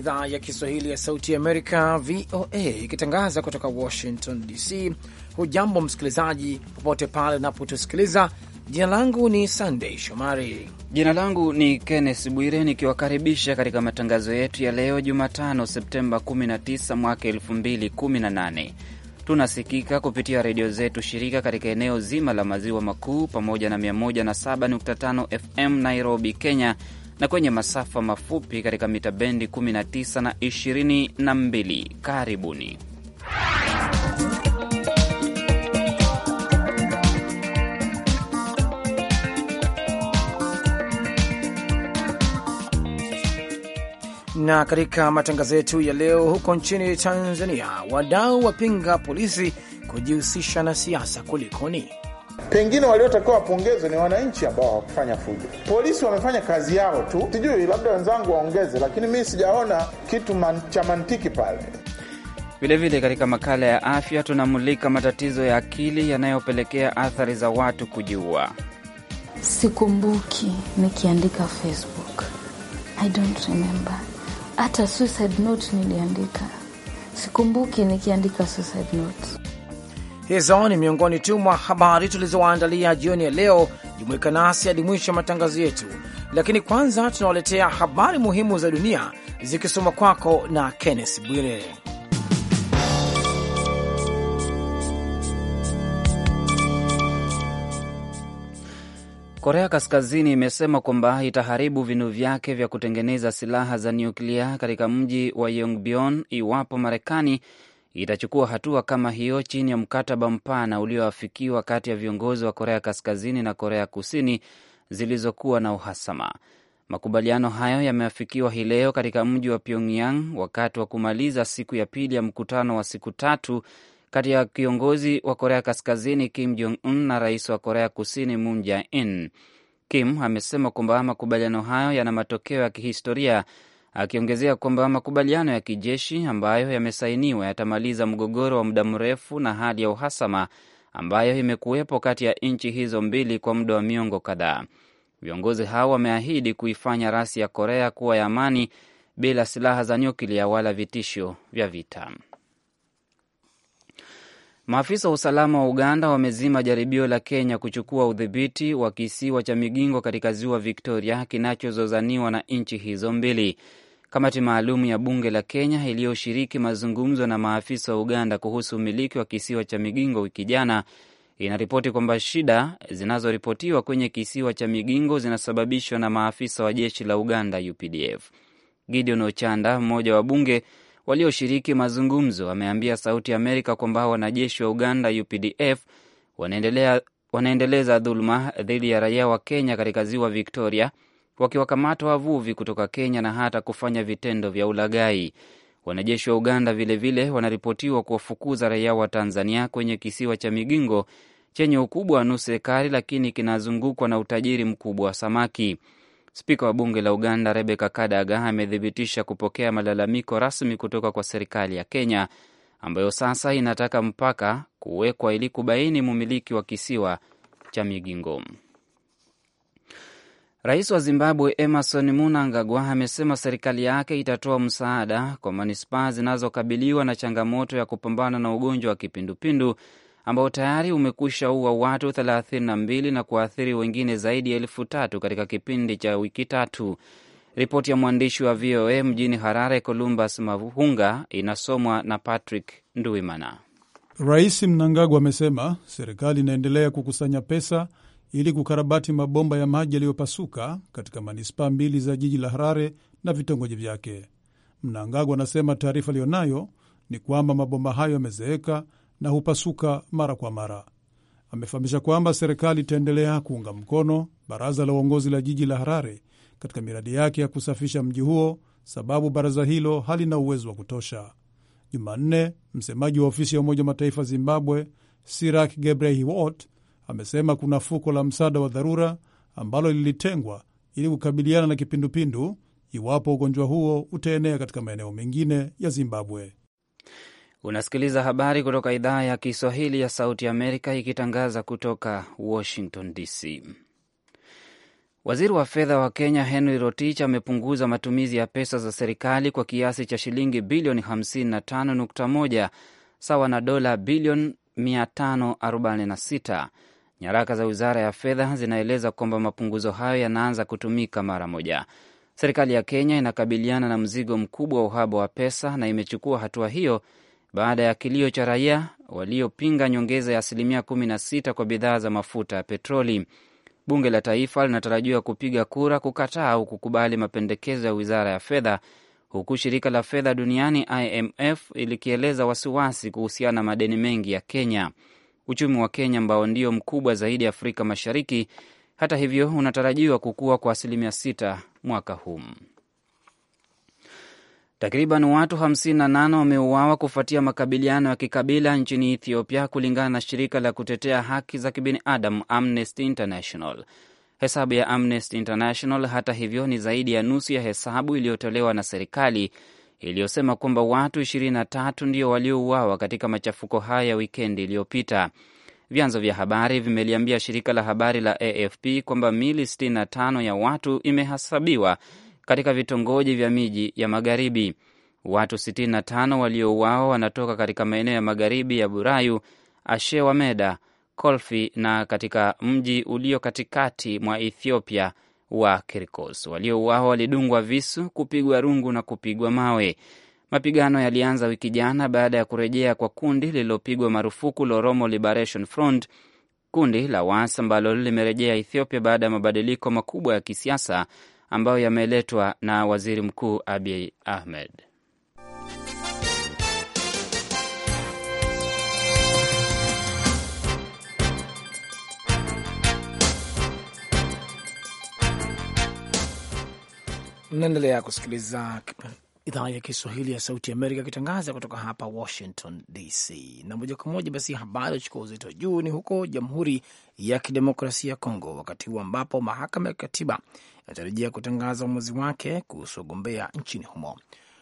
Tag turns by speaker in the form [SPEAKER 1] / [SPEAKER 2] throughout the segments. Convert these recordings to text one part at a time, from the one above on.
[SPEAKER 1] idhaa ya Kiswahili ya Sauti Amerika, VOA, ikitangaza kutoka Washington DC. Hujambo msikilizaji, popote pale unapotusikiliza. Jina langu ni Sandey Shomari.
[SPEAKER 2] Jina langu ni Kennes Bwire, nikiwakaribisha katika matangazo yetu ya leo Jumatano, Septemba 19 mwaka 2018. Tunasikika kupitia redio zetu shirika katika eneo zima la maziwa makuu pamoja na 107.5 FM Nairobi, Kenya, na kwenye masafa mafupi katika mita bendi 19 na 22. Karibuni.
[SPEAKER 1] Na katika matangazo yetu ya leo, huko nchini Tanzania, wadau wapinga polisi kujihusisha na siasa. Kulikoni?
[SPEAKER 3] Pengine waliotakiwa wapongezwe ni wananchi ambao hawakufanya fujo. Polisi wamefanya kazi yao tu, sijui labda wenzangu waongeze, lakini mi sijaona kitu man, cha mantiki pale.
[SPEAKER 2] Vilevile katika makala ya afya tunamulika matatizo ya akili yanayopelekea athari za watu kujiua.
[SPEAKER 4] Sikumbuki nikiandika Facebook, I don't remember. Hata suicide note niliandika, sikumbuki nikiandika suicide note
[SPEAKER 1] Hizo ni miongoni tu mwa habari tulizowaandalia jioni ya leo. Jumuika nasi hadi mwisho ya matangazo yetu, lakini kwanza tunawaletea habari muhimu za dunia zikisoma kwako na Kenneth Bwire.
[SPEAKER 2] Korea Kaskazini imesema kwamba itaharibu vinu vyake vya kutengeneza silaha za nyuklia katika mji wa Yongbyon iwapo Marekani itachukua hatua kama hiyo chini ya mkataba mpana ulioafikiwa kati ya viongozi wa Korea Kaskazini na Korea Kusini zilizokuwa na uhasama. Makubaliano hayo yameafikiwa hii leo katika mji wa Pyongyang wakati wa kumaliza siku ya pili ya mkutano wa siku tatu kati ya kiongozi wa Korea Kaskazini Kim Jong Un na rais wa Korea Kusini Moon Jae-in. Kim amesema kwamba makubaliano hayo yana matokeo ya kihistoria akiongezea kwamba makubaliano ya kijeshi ambayo yamesainiwa yatamaliza mgogoro wa muda mrefu na hali ya uhasama ambayo imekuwepo kati ya nchi hizo mbili kwa muda wa miongo kadhaa. Viongozi hao wameahidi kuifanya rasi ya Korea kuwa ya amani bila silaha za nyuklia wala vitisho vya vita. Maafisa wa usalama wa Uganda wamezima jaribio la Kenya kuchukua udhibiti wa kisiwa cha Migingo katika ziwa Victoria kinachozozaniwa na nchi hizo mbili. Kamati maalum ya bunge la Kenya iliyoshiriki mazungumzo na maafisa wa Uganda kuhusu umiliki wa kisiwa cha Migingo wiki jana inaripoti kwamba shida zinazoripotiwa kwenye kisiwa cha Migingo zinasababishwa na maafisa wa jeshi la Uganda, UPDF. Gideon Ochanda, mmoja wa bunge walioshiriki mazungumzo wameambia Sauti ya Amerika kwamba wanajeshi wa Uganda UPDF wanaendelea wanaendeleza dhuluma dhidi ya raia wa Kenya katika ziwa Victoria, wakiwakamata wavuvi kutoka Kenya na hata kufanya vitendo vya ulagai Wanajeshi wa Uganda vilevile vile wanaripotiwa kuwafukuza raia wa Tanzania kwenye kisiwa cha Migingo chenye ukubwa wa nusu ekari, lakini kinazungukwa na utajiri mkubwa wa samaki. Spika wa bunge la Uganda Rebeka Kadaga amethibitisha kupokea malalamiko rasmi kutoka kwa serikali ya Kenya ambayo sasa inataka mpaka kuwekwa ili kubaini mumiliki wa kisiwa cha Migingo. Rais wa Zimbabwe Emerson Munangagwa amesema serikali yake itatoa msaada kwa manispaa zinazokabiliwa na changamoto ya kupambana na ugonjwa wa kipindupindu ambao tayari umekwisha ua watu 32 na kuathiri wengine zaidi ya elfu tatu katika kipindi cha wiki tatu. Ripoti ya mwandishi wa VOA mjini Harare, Columbus Mavunga, inasomwa na Patrick Nduimana.
[SPEAKER 3] Rais Mnangagwa amesema serikali inaendelea kukusanya pesa ili kukarabati mabomba ya maji yaliyopasuka katika manispaa mbili za jiji la Harare na vitongoji vyake. Mnangagwa anasema taarifa aliyonayo ni kwamba mabomba hayo yamezeeka na hupasuka mara kwa mara. Amefahamisha kwamba serikali itaendelea kuunga mkono baraza la uongozi la jiji la Harare katika miradi yake ya kusafisha mji huo, sababu baraza hilo halina uwezo wa kutosha. Jumanne, msemaji wa ofisi ya Umoja wa Mataifa Zimbabwe, Sirak Gebrehiwot, amesema kuna fuko la msaada wa dharura ambalo lilitengwa ili kukabiliana na kipindupindu iwapo ugonjwa huo utaenea katika maeneo mengine ya Zimbabwe.
[SPEAKER 2] Unasikiliza habari kutoka idhaa ya Kiswahili ya Sauti Amerika ikitangaza kutoka Washington DC. Waziri wa fedha wa Kenya Henry Rotich amepunguza matumizi ya pesa za serikali kwa kiasi cha shilingi bilioni 55.1 sawa na dola bilioni 546. Nyaraka za wizara ya fedha zinaeleza kwamba mapunguzo hayo yanaanza kutumika mara moja. Serikali ya Kenya inakabiliana na mzigo mkubwa wa uhaba wa pesa na imechukua hatua hiyo baada ya kilio cha raia waliopinga nyongeza ya asilimia kumi na sita kwa bidhaa za mafuta ya petroli. Bunge la Taifa linatarajiwa kupiga kura kukataa au kukubali mapendekezo ya wizara ya fedha, huku shirika la fedha duniani IMF likieleza wasiwasi kuhusiana na madeni mengi ya Kenya. Uchumi wa Kenya ambao ndio mkubwa zaidi Afrika Mashariki, hata hivyo, unatarajiwa kukua kwa asilimia 6 mwaka huu. Takriban watu 58 wameuawa kufuatia makabiliano ya kikabila nchini Ethiopia, kulingana na shirika la kutetea haki za kibinadamu Amnesty International. Hesabu ya Amnesty International, hata hivyo, ni zaidi ya nusu ya hesabu iliyotolewa na serikali iliyosema kwamba watu 23 ndio waliouawa katika machafuko haya ya wikendi iliyopita. Vyanzo vya habari vimeliambia shirika la habari la AFP kwamba mili 65 ya watu imehesabiwa katika vitongoji vya miji ya magharibi. Watu 65 waliouawa wanatoka katika maeneo ya magharibi ya Burayu, Ashewa Meda, Kolfi na katika mji ulio katikati mwa Ethiopia wa Kirkos. Waliouawa walidungwa visu, kupigwa rungu na kupigwa mawe. Mapigano yalianza wiki jana baada ya kurejea kwa kundi lililopigwa marufuku la Oromo Liberation Front, kundi la waasi ambalo limerejea Ethiopia baada ya mabadiliko makubwa ya kisiasa ambayo yameletwa na waziri mkuu Abiy Ahmed.
[SPEAKER 1] Mnaendelea kusikiliza idhaa ya Kiswahili ya Sauti Amerika ikitangaza kutoka hapa Washington DC. Na moja kwa moja basi, habari achukua uzito juu ni huko Jamhuri ya Kidemokrasia ya Kongo, wakati huu ambapo mahakama ya katiba inatarajia kutangaza uamuzi wake kuhusu wagombea nchini humo.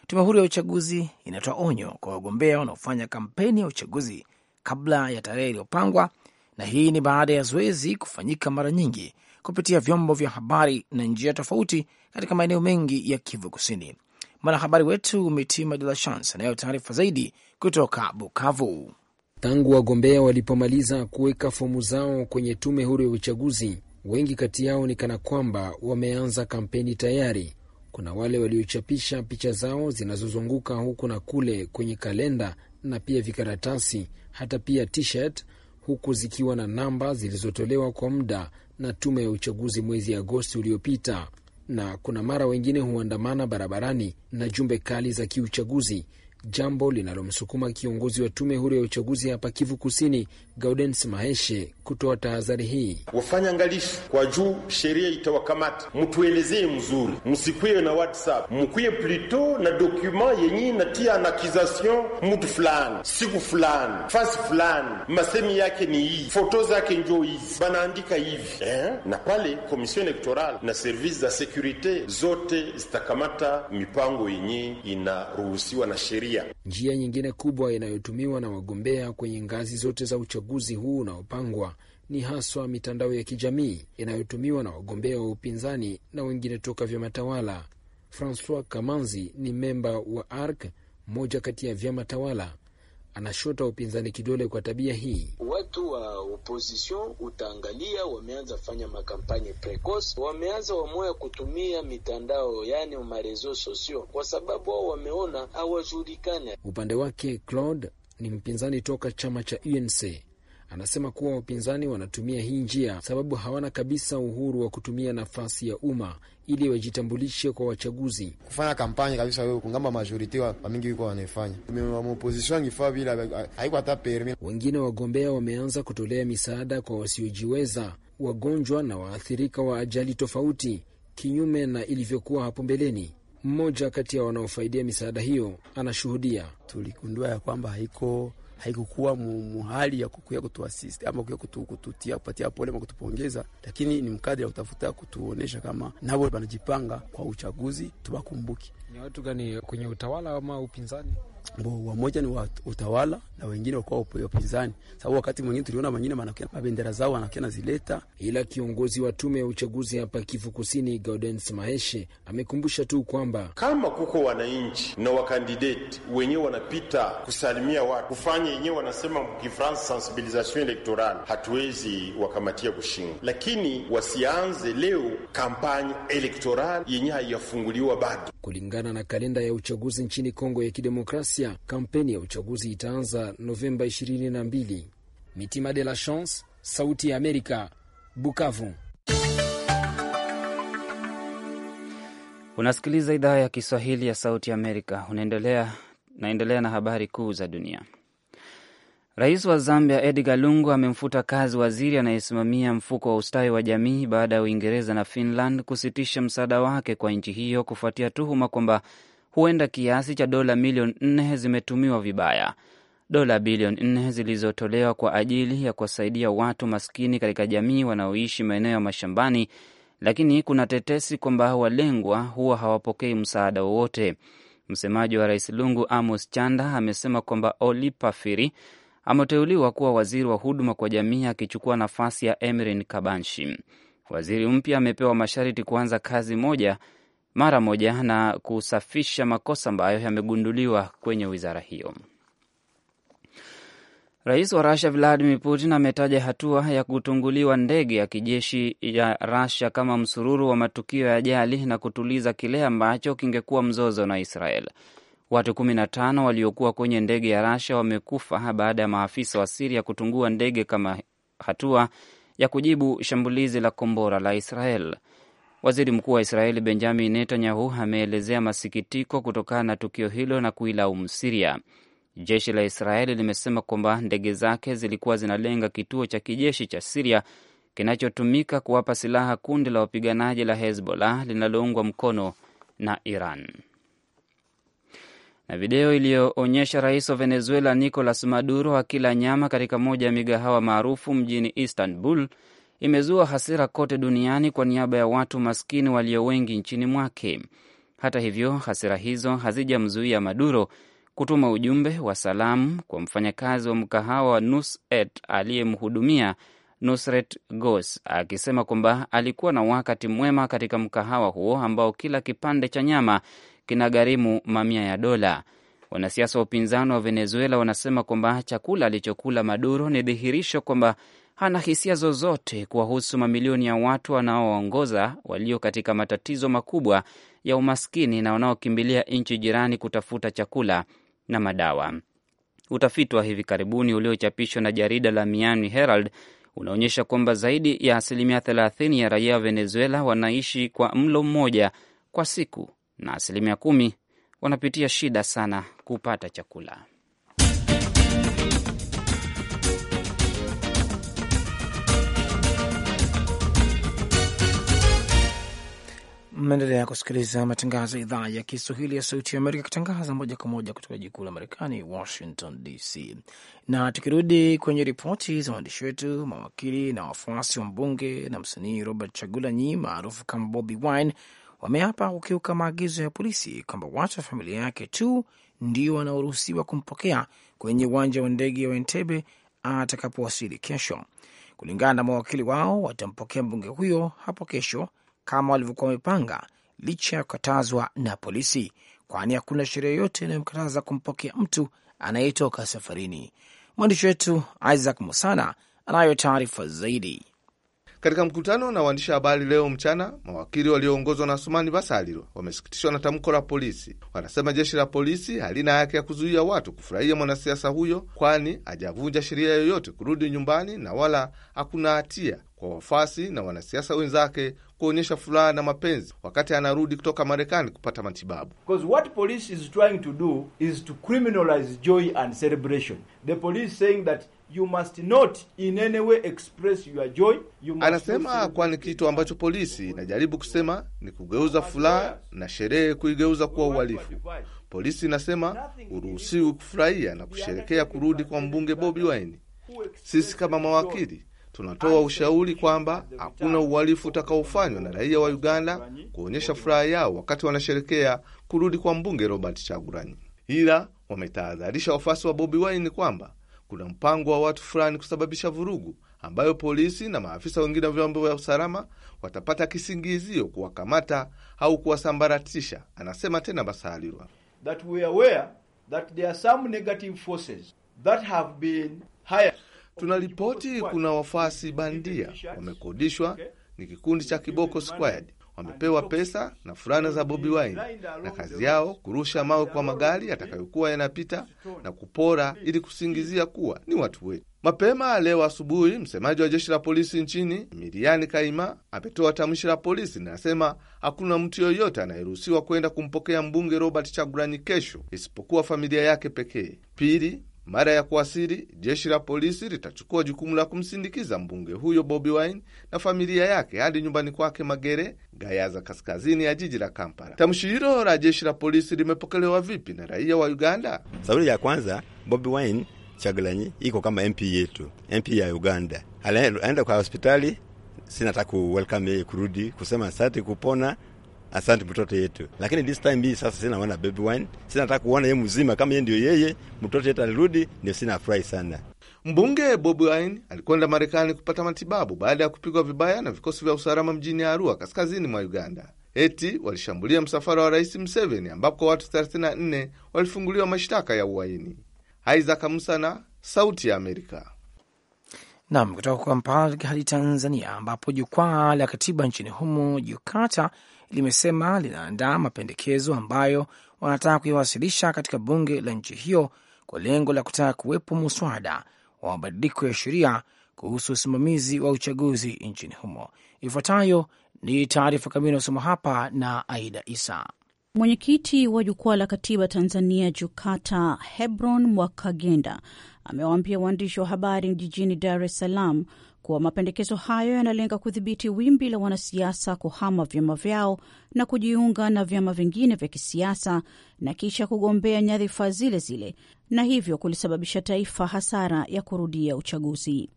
[SPEAKER 1] Tume huru ya uchaguzi inatoa onyo kwa wagombea wanaofanya kampeni ya uchaguzi kabla ya tarehe iliyopangwa, na hii ni baada ya zoezi kufanyika mara nyingi kupitia vyombo vya habari na njia tofauti katika maeneo mengi ya Kivu Kusini. Mwanahabari wetu Mitima De La Chance anayo taarifa zaidi kutoka Bukavu.
[SPEAKER 5] Tangu wagombea walipomaliza kuweka fomu zao kwenye tume huru ya uchaguzi, wengi kati yao ni kana kwamba wameanza kampeni tayari. Kuna wale waliochapisha picha zao zinazozunguka huku na kule kwenye kalenda na pia vikaratasi, hata pia t-shirt, huku zikiwa na namba zilizotolewa kwa muda na tume ya uchaguzi mwezi Agosti uliopita na kuna mara wengine huandamana barabarani na jumbe kali za kiuchaguzi, jambo linalomsukuma kiongozi wa tume huru ya uchaguzi hapa Kivu Kusini Gaudens Maheshe kutoa tahadhari hii.
[SPEAKER 3] Wafanya angalifu kwa juu, sheria itawakamata. Mtuelezee mzuri, msikwiye na WhatsApp, mkwiye plito na dokuma yenye natia anakizasyon mutu fulani, siku fulani, fasi fulani, masemi yake ni hii, foto zake njo hizi, banaandika hivi eh? Na pale komision elektoral na servisi za sekurite zote zitakamata mipango yenye inaruhusiwa na sheria.
[SPEAKER 5] Njia nyingine kubwa inayotumiwa na wagombea kwenye ngazi zote za uchaguzi uchaguzi huu unaopangwa ni haswa mitandao ya kijamii inayotumiwa na wagombea wa upinzani na wengine toka vyama tawala. Francois Kamanzi ni memba wa ARC, mmoja kati ya vyama tawala anashota upinzani kidole kwa tabia hii. Watu wa opposition utaangalia, wameanza fanya makampanye precoce, wameanza wamoya kutumia mitandao, yani marezo sosio, kwa sababu wao wameona hawajulikani. Upande wake Claude ni mpinzani toka chama cha UNC Anasema kuwa wapinzani wanatumia hii njia sababu hawana kabisa uhuru wa kutumia nafasi ya umma ili wajitambulishe kwa wachaguzi kufanya kampanya kabisa, wewe kungamba majority wa mingi wanaefanya opposition angifaa vile haiko hata permi. Wengine wagombea wameanza kutolea misaada kwa wasiojiweza, wagonjwa na waathirika wa ajali tofauti, kinyume na ilivyokuwa hapo mbeleni. Mmoja kati ya wanaofaidia misaada hiyo anashuhudia, tuligundua ya kwamba haiko haikukuwa muhali ya kukuya kutuasisti ama kuya kutu, kututia kupatia pole ama kutupongeza, lakini ni mkadri ya kutafuta kutuonyesha kama nabo wanajipanga kwa uchaguzi tuwakumbuki Ni watu gani kwenye utawala ama upinzani? wamoja ni wa utawala na wengine wakuwa upinzani, sababu wakati mwingine tuliona wengine mabendera zao wanakia nazileta. Ila kiongozi wa tume ya uchaguzi hapa Kivu Kusini, Gaudens Maeshe, amekumbusha tu kwamba
[SPEAKER 3] kama kuko wananchi na wakandideti wenyewe wanapita kusalimia watu kufanya yenyewe wanasema kifrance sensibilisation elektorale, hatuwezi wakamatia kushinga lakini wasianze leo kampanye elektorale yenyewe haiyafunguliwa bado
[SPEAKER 5] kulingana na kalenda ya uchaguzi nchini Kongo ya kidemokrasi ghasia. Kampeni ya uchaguzi itaanza Novemba 22. Mitima de la Chance, Sauti ya Amerika, Bukavu.
[SPEAKER 2] Unasikiliza idhaa ya Kiswahili ya Sauti Amerika. Unaendelea, naendelea na habari kuu za dunia. Rais wa Zambia Edgar Lungu amemfuta kazi waziri anayesimamia mfuko wa ustawi wa jamii baada ya Uingereza na Finland kusitisha msaada wake kwa nchi hiyo kufuatia tuhuma kwamba huenda kiasi cha dola milioni nne zimetumiwa vibaya. Dola bilioni nne zilizotolewa kwa ajili ya kuwasaidia watu maskini katika jamii wanaoishi maeneo ya mashambani, lakini kuna tetesi kwamba walengwa huwa hawapokei msaada wowote. Msemaji wa rais Lungu Amos Chanda amesema kwamba Olipafiri ameteuliwa kuwa waziri wa huduma kwa jamii akichukua nafasi ya emrin Kabanshi. Waziri mpya amepewa masharti kuanza kazi moja mara moja na kusafisha makosa ambayo yamegunduliwa kwenye wizara hiyo. Rais wa Rusia Vladimir Putin ametaja hatua ya kutunguliwa ndege ya kijeshi ya Rusia kama msururu wa matukio ya ajali na kutuliza kile ambacho kingekuwa mzozo na Israel. Watu 15 waliokuwa kwenye ndege ya Rusia wamekufa baada ya maafisa wa Siria kutungua ndege kama hatua ya kujibu shambulizi la kombora la Israel. Waziri mkuu wa Israeli Benjamin Netanyahu ameelezea masikitiko kutokana na tukio hilo na kuilaumu Siria. Jeshi la Israeli limesema kwamba ndege zake zilikuwa zinalenga kituo cha kijeshi cha Siria kinachotumika kuwapa silaha kundi la wapiganaji la Hezbollah linaloungwa mkono na Iran. Na video iliyoonyesha rais wa Venezuela Nicolas Maduro akila nyama katika moja ya migahawa maarufu mjini Istanbul imezua hasira kote duniani kwa niaba ya watu maskini walio wengi nchini mwake. Hata hivyo, hasira hizo hazijamzuia Maduro kutuma ujumbe wa salamu kwa mfanyakazi wa mkahawa wa Nusret aliyemhudumia Nusret Gos akisema kwamba alikuwa na wakati mwema katika mkahawa huo ambao kila kipande cha nyama kinagharimu mamia ya dola. Wanasiasa wa upinzani wa Venezuela wanasema kwamba chakula alichokula Maduro ni dhihirisho kwamba hana hisia zozote kuwahusu mamilioni ya watu wanaoongoza walio katika matatizo makubwa ya umaskini na wanaokimbilia nchi jirani kutafuta chakula na madawa. Utafiti wa hivi karibuni uliochapishwa na jarida la Miami Herald unaonyesha kwamba zaidi ya asilimia 30 ya raia wa Venezuela wanaishi kwa mlo mmoja kwa siku na asilimia kumi wanapitia shida sana kupata chakula.
[SPEAKER 1] Mnaendelea kusikiliza matangazo ya idhaa ya Kiswahili ya Sauti ya Amerika, kutangaza moja kwa moja kutoka jiji kuu la Marekani, Washington DC. Na tukirudi kwenye ripoti za waandishi wetu, mawakili na wafuasi wa mbunge na msanii Robert Chagulanyi maarufu kama Bobi Wine wameapa kukiuka maagizo ya polisi kwamba watu wa familia yake tu ndio wanaoruhusiwa kumpokea kwenye uwanja wa ndege wa Entebbe atakapowasili kesho. Kulingana na mawakili wao, watampokea mbunge huyo hapo kesho kama walivyokuwa wamepanga licha ya kukatazwa na polisi, kwani hakuna sheria yoyote inayomkataza kumpokea mtu anayetoka safarini. Mwandishi wetu Isaac Musana anayo taarifa zaidi.
[SPEAKER 6] Katika mkutano na waandishi habari leo mchana, mawakili walioongozwa na Asumani Basalirwa wamesikitishwa na tamko la polisi. Wanasema jeshi la polisi halina haki ya kuzuia watu kufurahia mwanasiasa huyo, kwani hajavunja sheria yoyote kurudi nyumbani na wala hakuna hatia kwa wafasi na wanasiasa wenzake kuonyesha furaha na mapenzi wakati anarudi kutoka Marekani kupata matibabu. You must not in any way express your joy. You must anasema, kwani kitu ambacho polisi inajaribu kusema ni kugeuza furaha na sherehe kuigeuza kuwa uhalifu. Polisi inasema uruhusiwi kufurahia na kusherekea kurudi kwa mbunge Bobi Wine. Sisi kama mawakili tunatoa ushauri kwamba hakuna uhalifu utakaofanywa na raia wa Uganda kuonyesha furaha yao wakati wanasherekea kurudi kwa mbunge Robert chagurani ila wametahadharisha wafuasi wa Bobi Wine kwamba kuna mpango wa watu fulani kusababisha vurugu ambayo polisi na maafisa wengine wa vyombo vya usalama watapata kisingizio kuwakamata au kuwasambaratisha, anasema tena Basalirwa. That we are aware that there are some negative forces that have been hired. Tunaripoti kuna wafasi bandia wamekodishwa, ni kikundi cha Kiboko Squad wamepewa pesa na fulana za Bobi Wine na kazi yao kurusha mawe kwa magari yatakayokuwa yanapita na kupora ili kusingizia kuwa ni watu wetu. Mapema leo asubuhi, msemaji wa jeshi la polisi nchini Miriani Kaima ametoa tamshi la polisi linasema hakuna mtu yoyote anayeruhusiwa kwenda kumpokea mbunge Robert Chagulanyi kesho isipokuwa familia yake pekee. Pili, mara ya kuwasili, jeshi la polisi litachukua jukumu la kumsindikiza mbunge huyo Bobi Wine na familia yake hadi nyumbani kwake Magere, Gayaza, kaskazini ya jiji la Kampala. Tamshi hilo la jeshi la polisi limepokelewa vipi na raia wa Uganda? Sababu ya kwanza, Bobi Wine Chagulanyi iko kama MP yetu, MP ya Uganda, anaenda kwa hospitali, sinataka kuwelkame yeye kurudi kusema sati kupona asante mtoto yetu, lakini this time hii sasa sina wana baby wine, sina nataka kuona yeye mzima kama yeye ndio yeye mtoto yetu alirudi, ndio sina furahi sana. Mbunge Bobi Wine alikwenda Marekani kupata matibabu baada ya kupigwa vibaya na vikosi vya usalama mjini Arua, kaskazini mwa Uganda. Eti walishambulia msafara wa Rais Museveni, ambapo watu 34 walifunguliwa mashtaka ya uhaini. Isaac Musana, Sauti ya Amerika.
[SPEAKER 1] Nam kutoka Kampala hadi Tanzania, ambapo jukwaa la katiba nchini humo Jukata limesema linaandaa mapendekezo ambayo wanataka kuyawasilisha katika bunge la nchi hiyo kwa lengo la kutaka kuwepo muswada wa mabadiliko ya sheria kuhusu usimamizi wa uchaguzi nchini humo. Ifuatayo ni taarifa kamili inayosoma hapa na Aida Isa.
[SPEAKER 7] Mwenyekiti wa jukwaa la katiba Tanzania, JUKATA, Hebron Mwakagenda amewaambia waandishi wa habari jijini Dar es Salaam kuwa mapendekezo hayo yanalenga kudhibiti wimbi la wanasiasa kuhama vyama vyao na kujiunga na vyama vingine vya kisiasa na kisha kugombea nyadhifa zile zile na hivyo kulisababisha taifa hasara ya kurudia uchaguzi.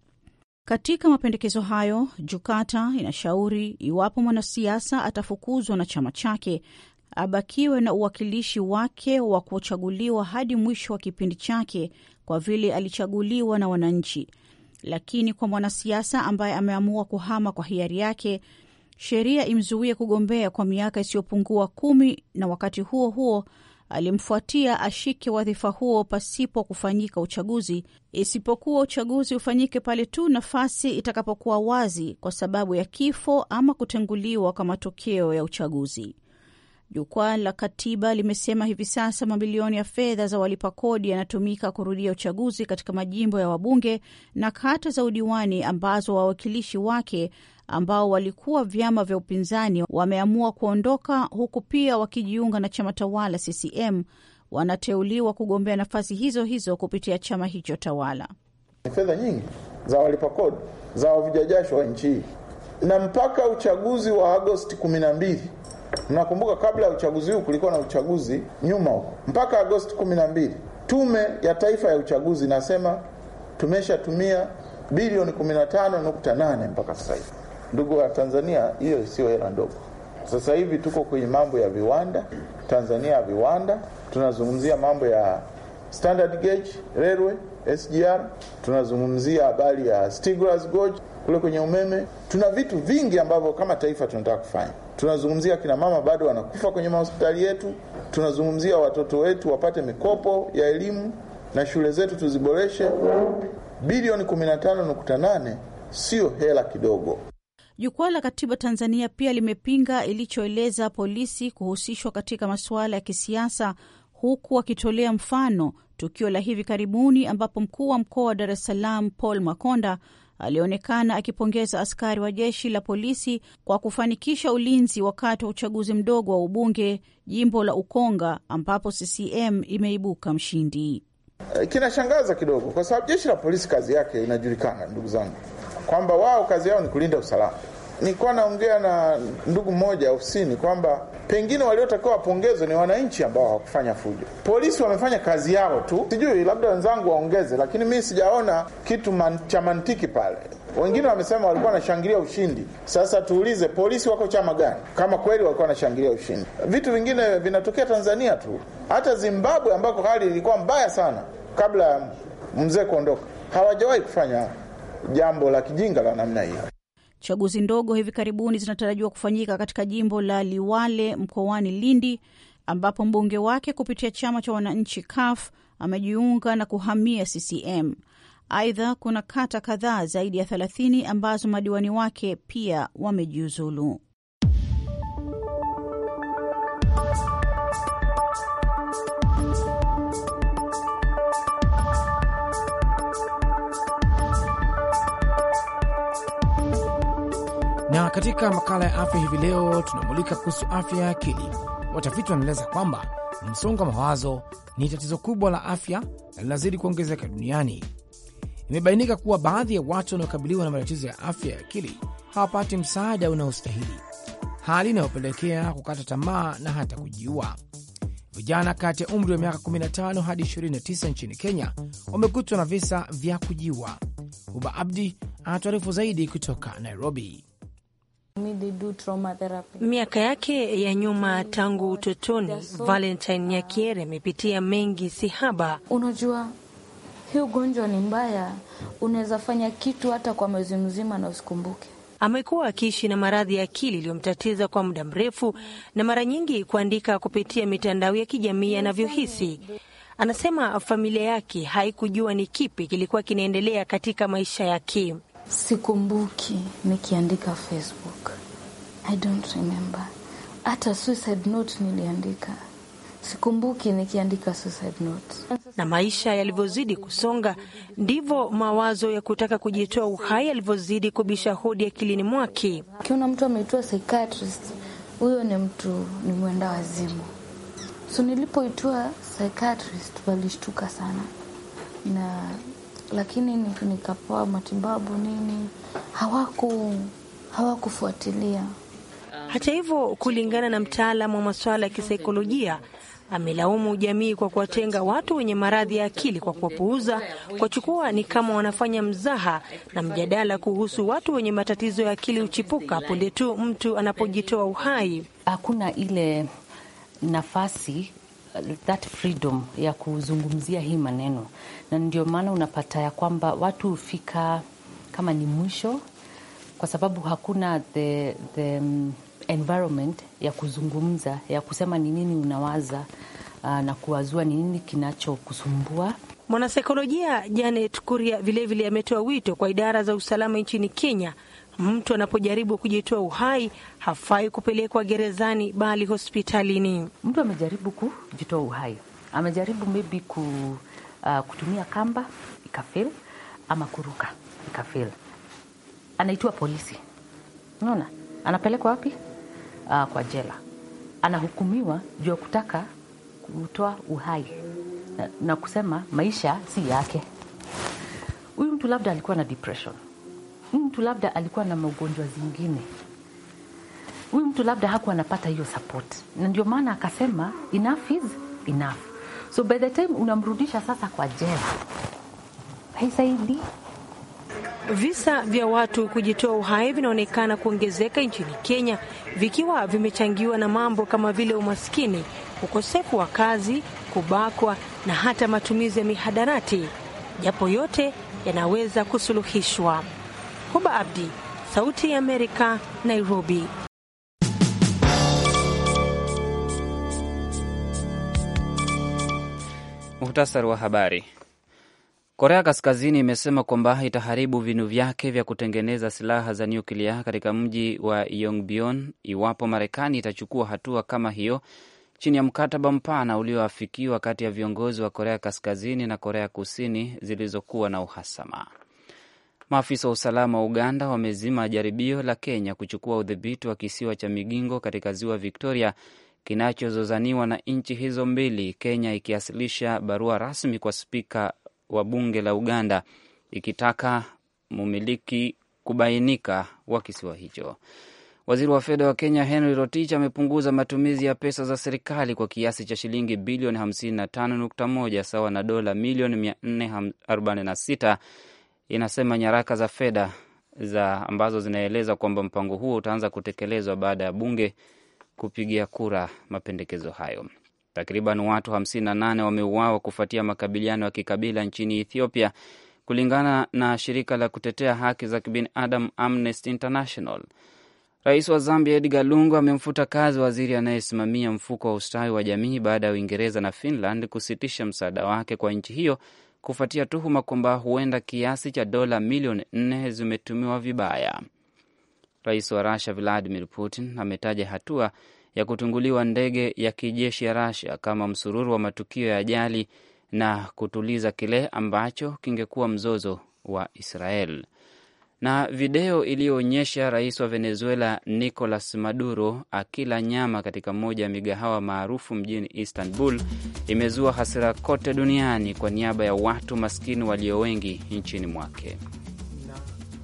[SPEAKER 7] Katika mapendekezo hayo, Jukata inashauri iwapo mwanasiasa atafukuzwa na chama chake abakiwe na uwakilishi wake wa kuchaguliwa hadi mwisho wa kipindi chake, kwa vile alichaguliwa na wananchi lakini kwa mwanasiasa ambaye ameamua kuhama kwa hiari yake, sheria imzuie kugombea kwa miaka isiyopungua kumi, na wakati huo huo alimfuatia ashike wadhifa huo pasipo kufanyika uchaguzi, isipokuwa uchaguzi ufanyike pale tu nafasi itakapokuwa wazi kwa sababu ya kifo ama kutenguliwa kwa matokeo ya uchaguzi. Jukwaa la Katiba limesema hivi sasa mamilioni ya fedha za walipa kodi yanatumika kurudia uchaguzi katika majimbo ya wabunge na kata za udiwani ambazo wawakilishi wake ambao walikuwa vyama vya upinzani wameamua kuondoka, huku pia wakijiunga na chama tawala CCM wanateuliwa kugombea nafasi hizo hizo kupitia chama hicho tawala.
[SPEAKER 3] Fedha nyingi za walipa kodi za wavujajasho wa nchi hii, na mpaka uchaguzi wa Agosti kumi na mbili Mnakumbuka kabla ya uchaguzi huu kulikuwa na uchaguzi nyuma huko, mpaka Agosti 12 Tume ya Taifa ya Uchaguzi nasema tumeshatumia bilioni 15.8 mpaka sasa hivi. Ndugu wa Tanzania, hiyo sio hela ndogo. Sasa hivi tuko kwenye mambo ya viwanda Tanzania ya viwanda, tunazungumzia mambo ya standard gauge railway SGR, tunazungumzia habari ya Stigler's Gorge kule kwenye umeme. Tuna vitu vingi ambavyo kama taifa tunataka kufanya tunazungumzia kina mama bado wanakufa kwenye mahospitali yetu, tunazungumzia watoto wetu wapate mikopo ya elimu na shule zetu tuziboreshe. Bilioni 15.8 siyo hela kidogo.
[SPEAKER 7] Jukwaa la Katiba Tanzania pia limepinga ilichoeleza polisi kuhusishwa katika masuala ya kisiasa, huku wakitolea mfano tukio la hivi karibuni ambapo mkuu wa mkoa wa Dar es Salaam Paul Makonda alionekana akipongeza askari wa jeshi la polisi kwa kufanikisha ulinzi wakati wa uchaguzi mdogo wa ubunge jimbo la Ukonga ambapo CCM imeibuka mshindi. Eh, kinashangaza kidogo,
[SPEAKER 3] kwa sababu jeshi la polisi kazi yake inajulikana, ndugu zangu, kwamba wao kazi yao ni kulinda usalama nilikuwa naongea na ndugu mmoja ofisini kwamba pengine waliotakiwa wapongezwe ni wananchi ambao hawakufanya fujo. Polisi wamefanya kazi yao tu, sijui labda wenzangu waongeze, lakini mi sijaona kitu man, cha mantiki pale. Wengine wamesema walikuwa wanashangilia ushindi. Sasa tuulize, polisi wako chama gani kama kweli walikuwa wanashangilia ushindi? Vitu vingine vinatokea Tanzania tu, hata Zimbabwe ambako hali ilikuwa mbaya sana kabla ya mzee kuondoka, hawajawahi kufanya jambo la kijinga la namna hiyo.
[SPEAKER 7] Chaguzi ndogo hivi karibuni zinatarajiwa kufanyika katika jimbo la Liwale mkoani Lindi, ambapo mbunge wake kupitia chama cha wananchi CUF amejiunga na kuhamia CCM. Aidha, kuna kata kadhaa zaidi ya 3a0 ambazo madiwani wake pia wamejiuzulu.
[SPEAKER 1] katika makala ya afya hivi leo tunamulika kuhusu afya ya akili. Watafiti wanaeleza kwamba msongo wa mawazo ni tatizo kubwa la afya na linazidi kuongezeka duniani. Imebainika kuwa baadhi ya watu wanaokabiliwa na matatizo ya afya ya akili hawapati msaada unaostahili, hali inayopelekea kukata tamaa na hata kujiua. Vijana kati ya umri wa miaka 15 hadi 29 nchini Kenya wamekutwa na visa vya kujiua. Huba Abdi anatuarifu zaidi kutoka Nairobi.
[SPEAKER 8] Miaka yake ya nyuma tangu utotoni, Valentine Nyakiere amepitia mengi si haba. Unajua
[SPEAKER 4] hii ugonjwa ni mbaya, unaweza fanya kitu hata kwa mwezi mzima na usikumbuke.
[SPEAKER 8] Amekuwa akiishi na maradhi ya akili iliyomtatiza kwa muda mrefu, na mara nyingi kuandika kupitia mitandao ya kijamii anavyohisi. Anasema familia yake haikujua ni kipi kilikuwa kinaendelea katika maisha yake
[SPEAKER 4] sikumbuki nikiandika
[SPEAKER 8] Facebook.
[SPEAKER 4] I don't remember. Hata suicide note niliandika, sikumbuki nikiandika suicide note.
[SPEAKER 8] Na maisha yalivyozidi kusonga, ndivyo mawazo ya kutaka kujitoa uhai yalivyozidi kubisha hodi akilini mwake.
[SPEAKER 4] Ukiona mtu ameitwa psychiatrist, huyo ni mtu ni mwenda wazimu. So nilipoitwa psychiatrist walishtuka sana na lakini nikapoa matibabu nini, hawaku
[SPEAKER 8] hawakufuatilia. Hata hivyo, kulingana na mtaalamu wa masuala ya kisaikolojia amelaumu jamii kwa kuwatenga watu wenye maradhi ya akili kwa kuwapuuza, kwa chukua ni kama wanafanya mzaha, na mjadala kuhusu watu wenye matatizo ya akili huchipuka punde tu mtu anapojitoa uhai. Hakuna
[SPEAKER 9] ile nafasi that freedom ya kuzungumzia hii maneno, na ndio maana unapata ya kwamba watu hufika kama ni mwisho, kwa sababu hakuna the, the um, environment ya kuzungumza ya kusema ni nini unawaza uh, na kuwazua ni nini kinachokusumbua.
[SPEAKER 8] Mwanasaikolojia Janet Kuria vilevile ametoa wito kwa idara za usalama nchini Kenya Mtu anapojaribu kujitoa uhai hafai kupelekwa gerezani, bali hospitalini. Mtu amejaribu
[SPEAKER 9] kujitoa uhai, amejaribu maybe ku, uh, kutumia kamba ikafil, ama kuruka ikafil, anaitwa polisi. Unaona, anapelekwa wapi? Uh, kwa jela, anahukumiwa juu ya kutaka kutoa uhai na, na kusema maisha si yake. Huyu mtu labda alikuwa na depression mtu labda alikuwa na magonjwa zingine, huyu mtu labda hakuwa anapata hiyo support, na ndio maana akasema enough is enough. So by
[SPEAKER 8] the time unamrudisha sasa kwa jela, haisaidii. Visa vya watu kujitoa uhai vinaonekana kuongezeka nchini Kenya, vikiwa vimechangiwa na mambo kama vile umaskini, ukosefu wa kazi, kubakwa na hata matumizi ya mihadarati, japo yote yanaweza kusuluhishwa. Huba Abdi, Sauti ya Amerika, Nairobi.
[SPEAKER 2] Muhtasari wa habari. Korea Kaskazini imesema kwamba itaharibu vinu vyake vya kutengeneza silaha za nyuklia katika mji wa Yongbyon iwapo Marekani itachukua hatua kama hiyo chini ya mkataba mpana ulioafikiwa kati ya viongozi wa Korea Kaskazini na Korea Kusini zilizokuwa na uhasama. Maafisa wa usalama wa Uganda wamezima jaribio la Kenya kuchukua udhibiti wa kisiwa cha Migingo katika ziwa Victoria kinachozozaniwa na nchi hizo mbili, Kenya ikiwasilisha barua rasmi kwa spika wa bunge la Uganda ikitaka mumiliki kubainika wa kisiwa hicho. Waziri wa fedha wa Kenya Henry Rotich amepunguza matumizi ya pesa za serikali kwa kiasi cha shilingi bilioni 55.1 sawa na dola milioni 446 inasema nyaraka za fedha za ambazo zinaeleza kwamba mpango huo utaanza kutekelezwa baada ya bunge kupigia kura mapendekezo hayo. Takriban watu 58 wameuawa kufuatia makabiliano ya kikabila nchini Ethiopia, kulingana na shirika la kutetea haki za kibinadamu Amnesty International. Rais wa Zambia Edgar Lungu amemfuta kazi waziri anayesimamia mfuko wa ustawi wa jamii baada ya Uingereza na Finland kusitisha msaada wake kwa nchi hiyo kufuatia tuhuma kwamba huenda kiasi cha dola milioni nne zimetumiwa vibaya. Rais wa Rusia Vladimir Putin ametaja hatua ya kutunguliwa ndege ya kijeshi ya Rusia kama msururu wa matukio ya ajali na kutuliza kile ambacho kingekuwa mzozo wa Israel na video iliyoonyesha rais wa Venezuela Nicolas Maduro akila nyama katika moja ya migahawa maarufu mjini Istanbul imezua hasira kote duniani kwa niaba ya watu maskini walio wengi nchini mwake.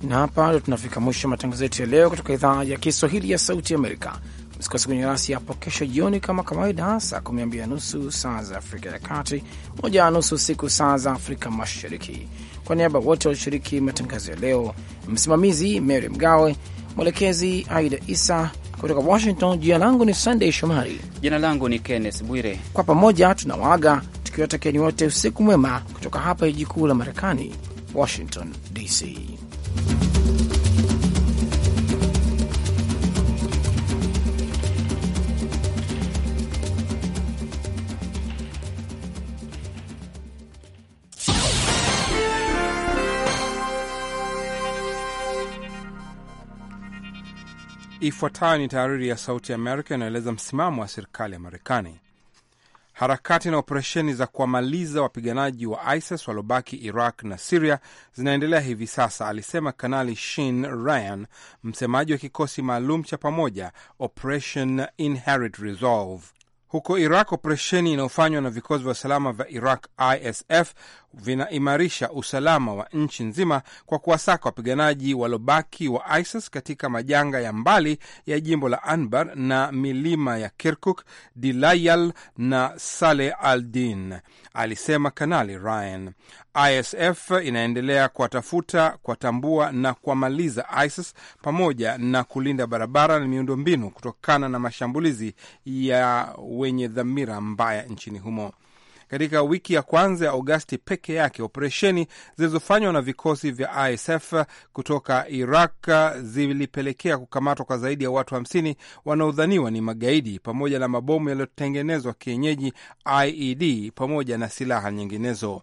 [SPEAKER 1] Na hapa ndo tunafika mwisho wa matangazo yetu ya leo kutoka idhaa ya Kiswahili ya Sauti Amerika. Msikose kwenye rasi hapo kesho jioni kama kawaida, saa 12 na nusu saa za Afrika ya Kati, moja na nusu usiku saa za Afrika Mashariki. Kwa niaba wote walioshiriki matangazo ya leo, msimamizi Mary Mgawe, mwelekezi Aida Isa kutoka Washington. Jina langu ni sandey Shomari.
[SPEAKER 2] Jina langu ni Kenneth Bwire.
[SPEAKER 1] Kwa pamoja tunawaaga tukiwatakieni wote usiku mwema kutoka hapa jiji kuu la Marekani, Washington DC.
[SPEAKER 10] Ifuatayo ni tahariri ya Sauti Amerika inayoeleza msimamo wa serikali ya Marekani. Harakati na operesheni za kuwamaliza wapiganaji wa ISIS waliobaki Iraq na Siria zinaendelea hivi sasa, alisema Kanali Shin Ryan, msemaji wa kikosi maalum cha pamoja Operation Inherent Resolve. Huko Iraq, operesheni inayofanywa na vikosi vya usalama vya Iraq ISF vinaimarisha usalama wa nchi nzima kwa kuwasaka wapiganaji walobaki wa ISIS katika majanga ya mbali ya jimbo la Anbar na milima ya Kirkuk, Dilayal na Sale al-Din, alisema Kanali Ryan. ISF inaendelea kuwatafuta, kuwatambua na kuwamaliza ISIS pamoja na kulinda barabara na miundombinu kutokana na mashambulizi ya wenye dhamira mbaya nchini humo katika wiki ya kwanza ya Agosti peke yake. Operesheni zilizofanywa na vikosi vya ISF kutoka Iraq zilipelekea kukamatwa kwa zaidi ya watu 50 wanaodhaniwa ni magaidi pamoja na mabomu yaliyotengenezwa kienyeji IED pamoja na silaha nyinginezo.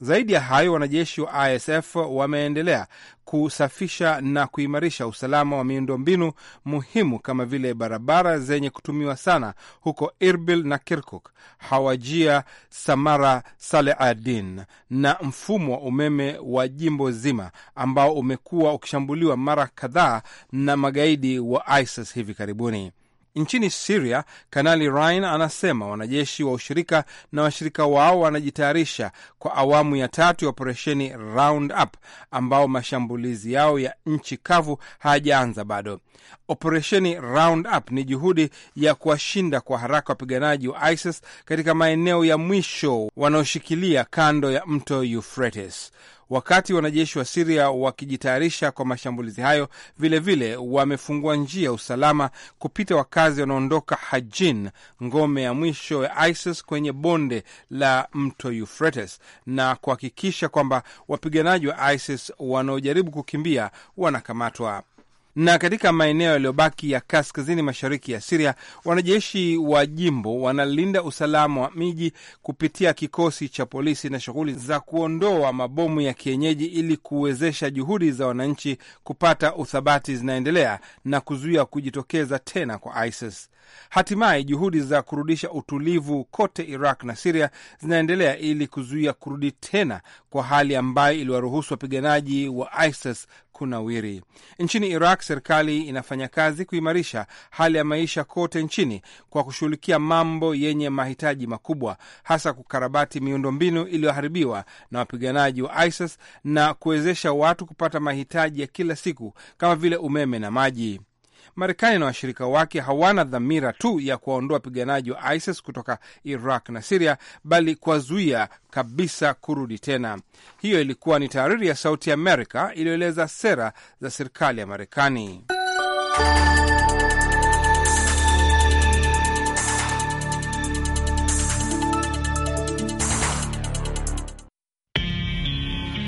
[SPEAKER 10] Zaidi ya hayo, wanajeshi wa ISF wameendelea kusafisha na kuimarisha usalama wa miundombinu muhimu kama vile barabara zenye kutumiwa sana huko Irbil na Kirkuk, Hawajia, Samara, Saleadin na mfumo wa umeme wa jimbo zima ambao umekuwa ukishambuliwa mara kadhaa na magaidi wa ISIS hivi karibuni. Nchini Siria, Kanali Ryan anasema wanajeshi wa ushirika na washirika wao wanajitayarisha kwa awamu ya tatu ya operesheni Roundup, ambao mashambulizi yao ya nchi kavu hayajaanza bado. Operesheni Roundup ni juhudi ya kuwashinda kwa haraka wapiganaji wa ISIS katika maeneo ya mwisho wanaoshikilia kando ya mto Euphrates. Wakati wanajeshi wa Siria wakijitayarisha kwa mashambulizi hayo, vilevile wamefungua njia ya usalama kupita wakazi wanaondoka Hajin, ngome ya mwisho ya ISIS kwenye bonde la mto Euphrates, na kuhakikisha kwamba wapiganaji wa ISIS wanaojaribu kukimbia wanakamatwa. Na katika maeneo yaliyobaki ya kaskazini mashariki ya Siria, wanajeshi wa jimbo wanalinda usalama wa miji kupitia kikosi cha polisi na shughuli za kuondoa mabomu ya kienyeji ili kuwezesha juhudi za wananchi kupata uthabati zinaendelea na kuzuia kujitokeza tena kwa ISIS. Hatimaye juhudi za kurudisha utulivu kote Iraq na Siria zinaendelea ili kuzuia kurudi tena kwa hali ambayo iliwaruhusu wapiganaji wa ISIS kunawiri. Nchini Iraq, serikali inafanya kazi kuimarisha hali ya maisha kote nchini kwa kushughulikia mambo yenye mahitaji makubwa, hasa kukarabati miundombinu iliyoharibiwa na wapiganaji wa ISIS na kuwezesha watu kupata mahitaji ya kila siku kama vile umeme na maji. Marekani na washirika wake hawana dhamira tu ya kuwaondoa wapiganaji wa ISIS kutoka Iraq na Siria, bali kuwazuia kabisa kurudi tena. Hiyo ilikuwa ni tahariri ya Sauti Amerika iliyoeleza sera za serikali ya Marekani.